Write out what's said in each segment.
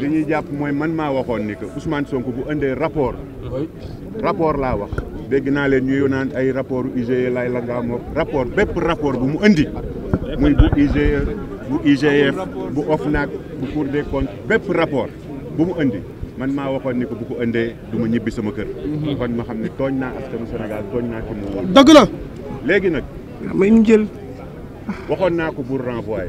li ñuy jàpp mooy man maa waxoon ni que Ousmane bu indee rapport. rapport laa wax. dégg naa leen ñuy naan ay rapport IGE lay la ngaa mook bépp rapport bu mu indi muy bu IGE bu IGF bu OFNAC bu Cour des bépp rapport bu mu indi man maa waxoon ni ko bu ko indee du ma ñibbi sama kër. kon ma xam ne tooñ naa askanu Sénégal tooñ naa ci mu. dëgg la léegi nag. may ñu jël. waxoon naa ko pour renvoyer.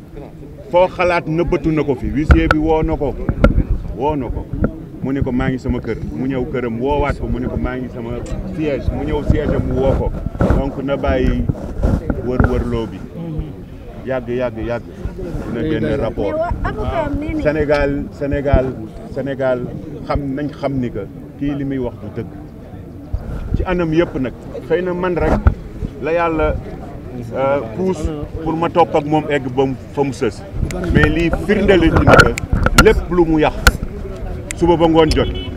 foo xalaat nëbbatu na ko fi huissier bi woo na ko woo na ko mu ne ko maa ngi sama kër mu ñëw këram woowaat ko mu ne ko maa ngi sama siège mu ñëw siège mu woo ko donc na bàyyi wër-wërloo bi yàgg yàgg yàgg dina génn rapport Sénégal Sénégal Sénégal xam nañ xam ni que kii li muy wax du dëgg ci anam yëpp nag xëy na man rek la yàlla Euh, pousse pour ma top ak mom egg bam fam seus mais li firndel li ni ke lepp lu mu yax suba ba ngone jot